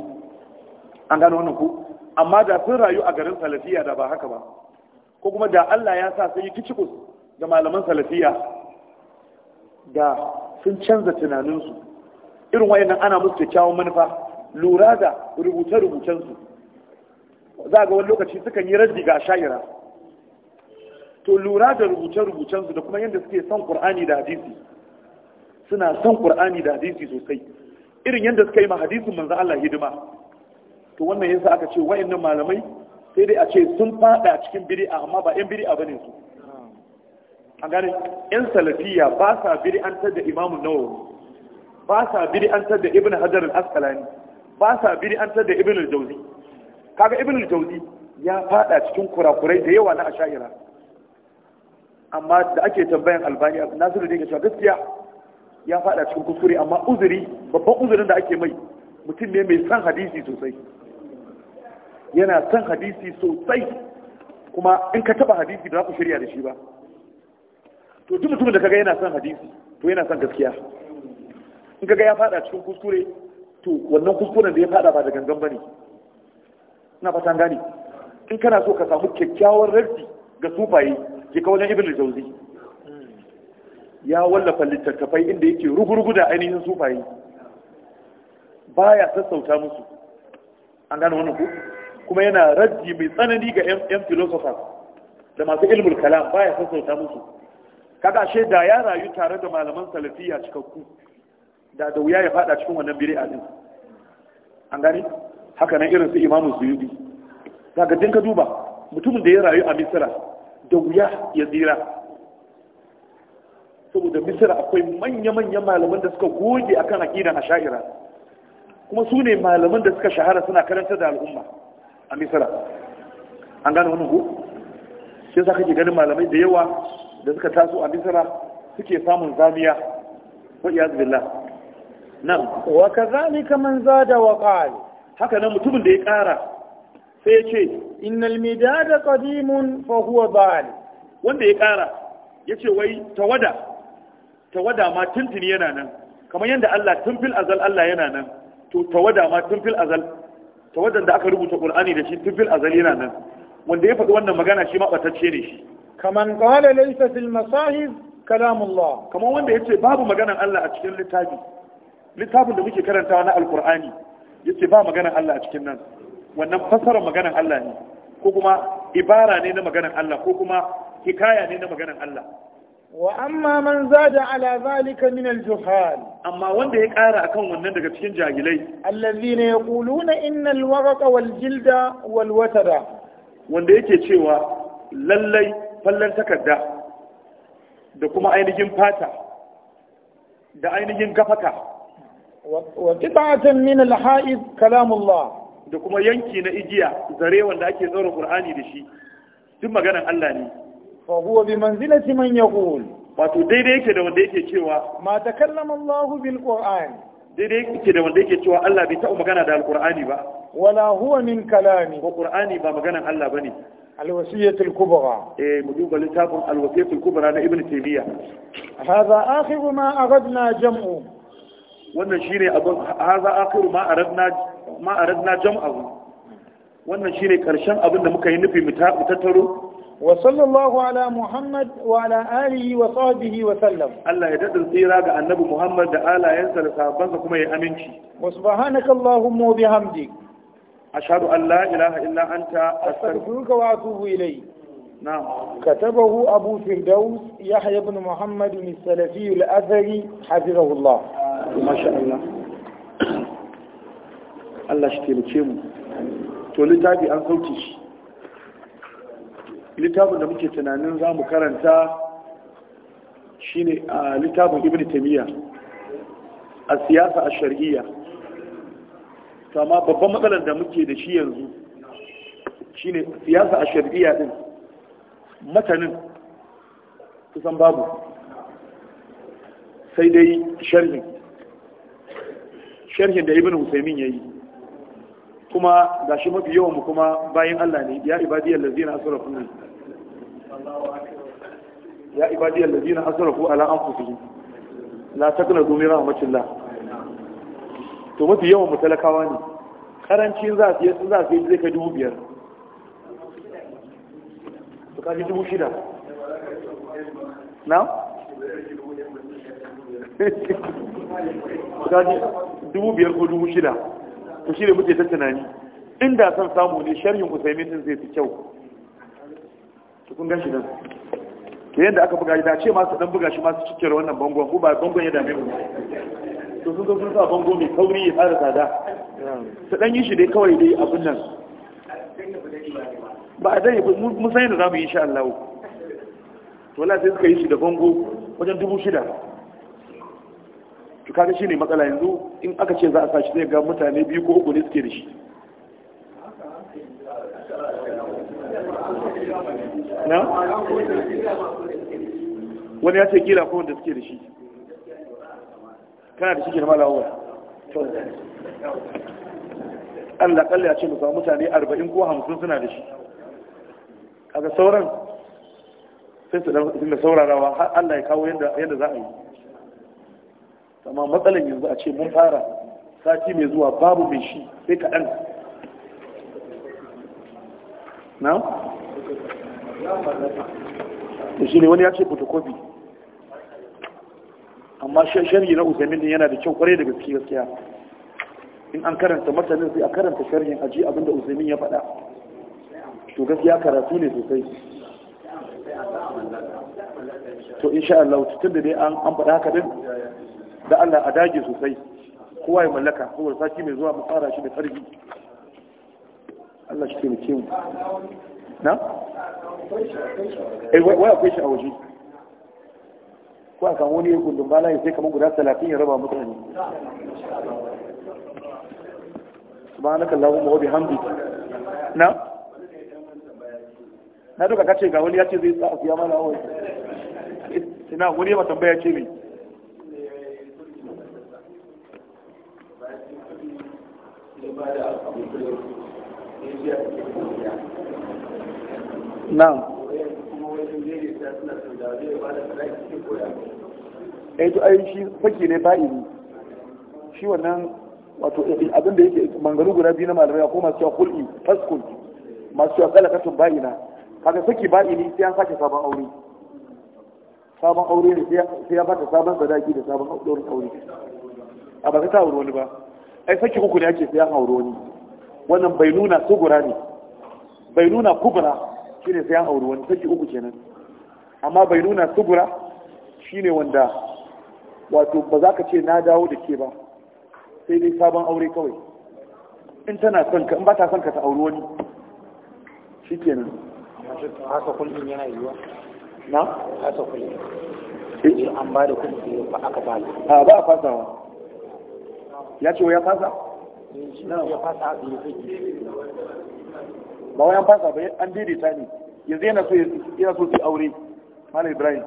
an gano wannan ku amma da sun rayu a garin salafiya da ba haka ba ko kuma da allah ya sa sun yi kicikus ga malaman salafiya da sun canza tunaninsu irin nan ana musu kyakkyawan manufa lura da rubuce-rubucen su za ga wani lokaci suka yi raddi ga shayira to lura da rubuce-rubucen su da kuma yadda suke son qur'ani da hadisi suna son qur'ani da hadisi sosai irin yadda suka yi ma hadisin manzo Allah hidima to wannan yasa aka ce wayannan malamai sai dai a ce sun fada cikin bid'a amma ba yan bid'a bane su an gane yan salafiya ba sa bid'antar da imamun nawawi ba sa tar da ibn hajar al-asqalani ba sa tar da ibn al-jawzi kaga ibn al-jawzi ya fada cikin kurakurai da yawa na asha'ira amma da ake tambayan albani nasiru da yake cewa gaskiya ya fada cikin kuskure amma uzuri babban uzurin da ake mai mutum ne mai san hadisi sosai yana san hadisi sosai kuma in ka taba hadisi ba za ku shirya da shi ba to duk mutumin da kaga yana son hadisi to yana son gaskiya in kaga ya fada cikin kuskure to wannan kuskuren da ya fada ba da gangan bane ina fata gane in kana so ka samu kyakkyawan rabbi ga sufaye ke ka wajen ibn jauzi ya wallafa littattafai inda yake rugurugu da ainihin sufaye baya sassauta musu an gane wannan ku kuma yana raddi mai tsanani ga yan philosophers da masu ilmul kalam baya sassauta musu kaga ashe da ya rayu tare da malaman salafiya cikakku da da wuya ya fada cikin wannan bid'a din an gani haka nan irin su imamu suyuti daga dinka ka duba mutumin da ya rayu a misira da wuya ya tsira saboda misira akwai manya-manyan malaman da suka goge a kan akan a sha'ira kuma su ne malaman da suka shahara suna karanta da al'umma a misira an gane wani ku sai za ka ke ganin malamai da yawa da suka taso a misira suke samun zamiya wa iyaz billah nan. wa kazalika man zada wa qal haka nan mutumin da ya ƙara sai ya ce innal midada qadimun fa huwa bal wanda ya ƙara ya ce wai tawada tawada ma tuntuni yana nan kamar yadda Allah tunfil azal Allah yana nan to tawada ma tunfil azal tawadan da aka rubuta Qur'ani da shi tunfil azal yana nan wanda ya faɗi wannan magana shi ma batacce ne shi kaman qala laysa fil masahib kalamullah kamar wanda yace babu maganan Allah a cikin littafi littafin da muke karantawa na alkur'ani ce ba maganar Allah a cikin nan wannan fasarar maganar Allah ne ko kuma ibara ne na maganar Allah ko kuma hikaya ne na maganar Allah wa amma man zada ala zalika min juhal amma wanda ya ƙara akan wannan daga cikin jahilai allazina yaquluna inna al-waraqa wal jilda wal watada wanda yake cewa lallai fallan takarda da kuma ainihin fata da ainihin gafaka wa qita'atan min al-ha'id kalamullah da kuma yanki na igiya zare wanda ake tsara qur'ani da shi duk maganan Allah ne fa huwa bi manzilati man yaqul wato daidai yake da wanda yake cewa ma takallama Allah bil qur'an daidai yake da wanda yake cewa Allah bai taɓa magana da alqur'ani ba wala huwa min kalami ko qur'ani ba maganan Allah bane الوصية الكبرى إيه مدوب لتاب الوصية الكبرى لابن تيمية هذا آخر ما أردنا جمعه wannan shi ne abin haza akhiru ma aradna ma aradna jam'ahu wannan ne ƙarshen abin da muka yi nufi mu tattaro wa sallallahu ala muhammad wa ala alihi wa sahbihi wa sallam Allah ya daɗin tsira ga annabi muhammad da alayensa da sahabbansa kuma ya aminci wa subhanaka allahumma wa bihamdik ashhadu an la ilaha illa anta astaghfiruka wa atubu ilayk نعم كتبه أبو فردوس يحيى بن محمد السلفي الأثري حفظه الله masha Allah Allah shi taimake mu to littafi an sauke shi littafin da muke tunanin za mu karanta shi ne a littafin ibn taimiyya a siyasa a shari'iyya to amma babban matsalar da muke da shi yanzu shi ne siyasa a shari'iyya din matanin kusan babu sai dai sharhin sharhin da ibn Usaimin yayi kuma gashi mafi yawan mu kuma bayan Allah ne ya ibadiyal ladina asrafu ne ya ibadiyal ladina asrafu ala anfusihim la taqnatu min rahmatillah to mafi yawan mu talakawa ne karancin za su yi za su yi zai kai dubu biyar to kaji dubu shida na? [laughs] kaji dubu biyar ko dubu shida to shi ne muke ta tunani inda son samu ne sharhin usaimin din zai fi kyau to kun gan shi nan to yadda aka buga da ce masu dan buga shi masu cikin wannan bangon ba bangon ya dame mu to sun zo sun sa bango mai kauri ya tsara tsada su dan yi shi dai kawai dai abin nan ba a dai mun san yadda za mu yi insha Allah to wala sai suka yi shi da bango wajen dubu shida to kaga shi ne matsala yanzu in aka ce za a sashi zai ga mutane biyu ko uku ne suke da shi na wani ya ce kila ko wanda suke da shi kana da shi girma lawar Allah kalla ya ce mu samu mutane 40 ko 50 suna da shi kaga sauran sai su da saurarawa har Allah ya kawo yadda za a yi amma matsalan yanzu a ce mun fara sati mai zuwa babu mai shi sai kaɗan na? da shi ne wani ya ce photocopy amma shari'i na usamin din yana da kyau kwarai da gaske gaskiya in an karanta matanin sai a karanta shari'in aji abinda usamin ya faɗa to gaskiya karatu ne sosai to insha Allah tun da dai an faɗa haka din da Allah a dage sosai kowa ya mallaka saboda saki mai zuwa mu fara shi da karfi Allah shi taimake mu na eh wai akwai shi a waje ko a kan wani gundun bala ya sai kamar guda talatin ya raba mutane subhanaka allahumma wa bihamdika na na duka kace ga wani ya ce zai sa a siya mana wani ina wani ya tambaya ce mai na'am eh to ai shi fake ne fa'ili shi wannan wato eh, eh, abin da yake mangaru guda biyu na malamai ko masu cewa kulli faskul masu cewa kalakatun ba'ina kaga saki ba'ini sai an sake sabon aure sabon aure ne sai ya bata sabon sadaki da sabon aure aure a ba ka ta wani ba ai saki uku ne ake sai an aure wani wannan bai nuna sugura ne bai nuna kubra shine sai an auri wani saki uku kenan amma bai nuna subura shine wanda wato ba za ka ce na dawo da ke ba sai dai sabon aure kawai in tana son ka in ba ta son ka ta auri wani kenan haka kullum yana yiwa na haka kullum an ba da ne ba aka ba a ba a fasawa ya ce wa ya fasa eh, ya fasa a ba wai an fasa ba an daidaita ne yanzu yana so yana so su aure malam ibrahim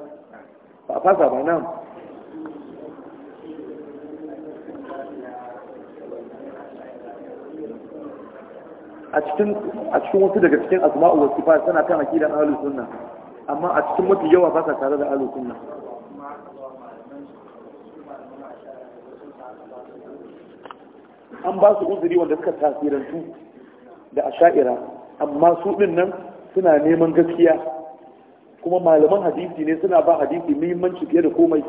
ba a fasa ba nan a cikin wasu daga cikin asma'u wa sifat tana kan akidan ahlus sunna amma a cikin mafi yawa ba sa tare da ahlus sunna an ba su uzuri wanda suka tasirantu da asha'ira amma su ɗin nan suna neman gaskiya kuma malaman hadisi ne suna ba hadisi muhimmanci fiye da komai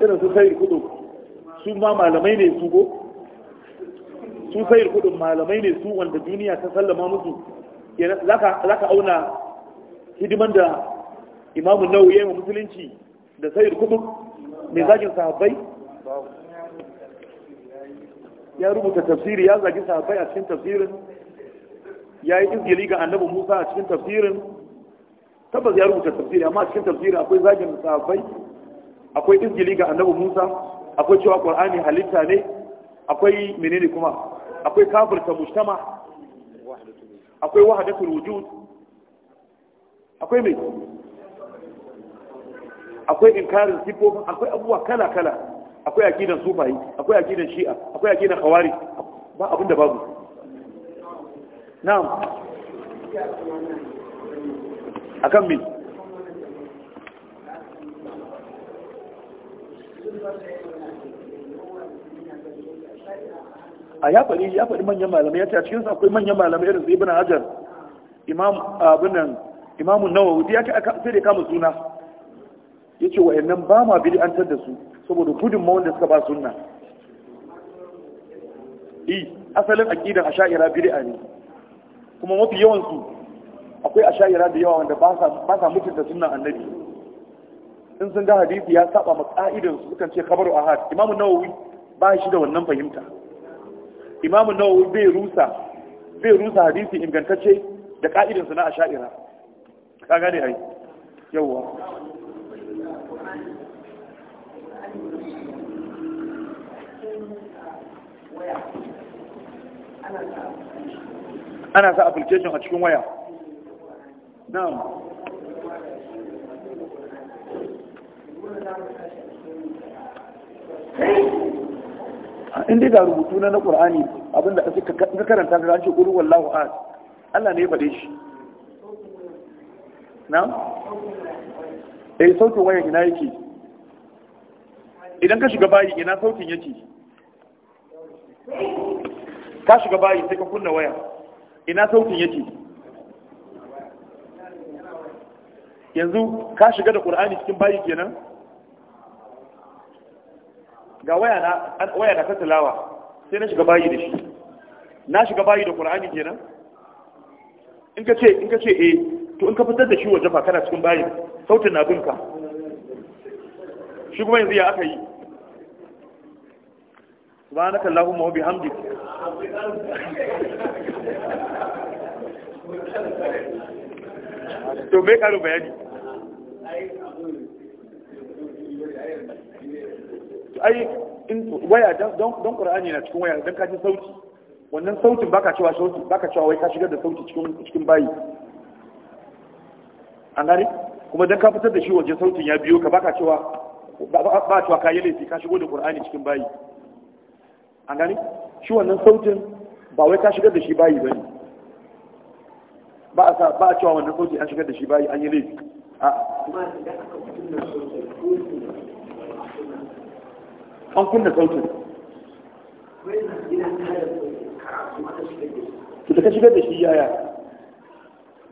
irin su sayar kudu su ma malamai ne su ko su sayar kudu malamai ne su wanda duniya ta sallama musu za ka auna hidiman da imamun nau'i yayin musulunci da sayar kudu mai zagin sahabbai ya rubuta tafsiri ya zagi sahabbai a cikin tafsirin ya yi izgili ga annabi musa a cikin tafsirin tabbas ya rubuta tafsiri amma a cikin tafsirin akwai zagin sahabbai akwai izgili ga annabi musa akwai cewa qur'ani halitta ne akwai menene kuma akwai kafirta mujtama akwai wahdatul wujud akwai me akwai inkarin sifofin akwai abubuwa kala kala akwai akidan sufayi akwai akidan shi'a akwai akidan khawari ba abin da babu na'am akan me a ya faɗi ya faɗi manyan malamai ya ce a cikinsu akwai manyan malamai irin su ibn hajar imam abinan imamun nawawi ya ce sai da kama suna ya ce wa'annan ba ma bid'antar da su saboda gudunmawar da suka ba sunna yi e, asalin aƙidan asha'ira bid'a ne kuma mafi yawansu akwai asha'ira da yawa wanda ba sa mutunta sunnan annabi in sun ga hadisi ya saba ma ka'idan su sukan ce kabaru ahad imamu nawawi ba shi da wannan fahimta imamu nawawi bai rusa bai rusa hadisi ingantacce da ka'idan su na asha'ira ka gane ai yawwa ana sa application a cikin waya na'am inda ga rubutu na na ƙur'ani abinda a suka karanta da ranci ƙuru wallahu a Allah ne ya shi na'am eh sautin wayan ina yake idan ka shiga bayi ina sautin yake ka shiga bayi sai ka kunna waya ina sautin yake yanzu ka shiga da ƙur'ani cikin bayi kenan ga waya na waya na katalawa sai na shiga bayi da shi na shiga bayi da ƙur'ani kenan in ka ce in ka ce eh to in ka fitar da shi waje fa kana cikin bayi sautin na binka shi kuma yanzu ya aka yi سبحانك اللهم وبحمدك bihamdika to me karo bayani ai in waya don don qur'ani na cikin waya dan kaji sauti wannan sautin baka cewa sauti baka cewa wai ka shigar da sauti cikin cikin bayi an gane kuma dan ka fitar da shi waje sautin ya biyo ka baka cewa ba cewa yi laifi ka shigo da qur'ani cikin bayi an gani shi wannan sautin ba wai ka shigar da shi bayi ba ne. ba a cewa wannan sautin an shigar da shi bayi an yi laifi a an kunna sautin kuma ka shigar da shi yaya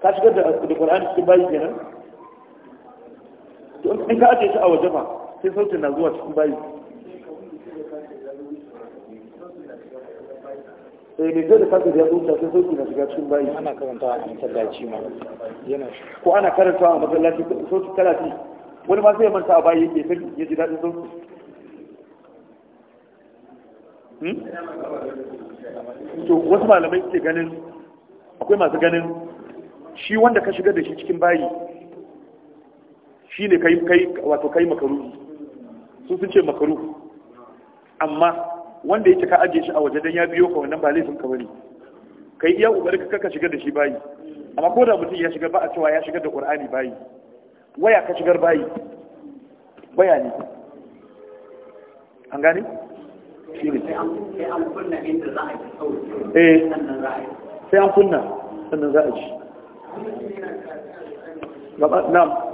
ka shigar da ƙwararri cikin bayi kenan in ka ajiye shi a waje ba sai sautin na zuwa cikin bayi eh ne zai da kanka ya tsoka sai sauki na shiga cikin bayi ana karanta a masallaci ma yana ko ana karanta a masallaci sauki kalafi wani ma sai ya manta a bayi yake sai ya ji daɗin sauki hmm? to wasu malamai suke ganin akwai masu ganin shi wanda ka shigar da shi cikin bayi shi ne kai wato kai makaru sun sun ce makaru amma wanda yake ka ajiye shi a waje dan ya biyo ka wannan ba laifin ka bane kai iya ubar ka ka shigar da shi bayi amma ko da mutum ya shigar ba a cewa ya shigar da qur'ani bayi waya ka shigar bayi ne an gane shi ne sai an kunna inda za a ji eh sai an kunna sannan za a ji na.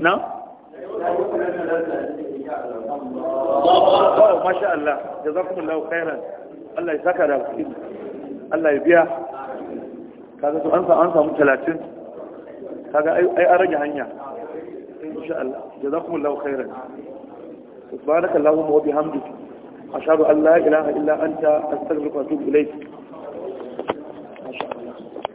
na'am Wow, masha Allah, Da za kuma khairan. Allah ya saka da kuɗi. Allah ya biya. Kaga to an an samu talatin, Kaga ai ai an rage hanya. Insha Allah, Da za jazakumullahu khairan. Subhanakallahumma wa bihamdika ashhadu an la ilaha illa anta astaghfiruka wa atubu ilayk.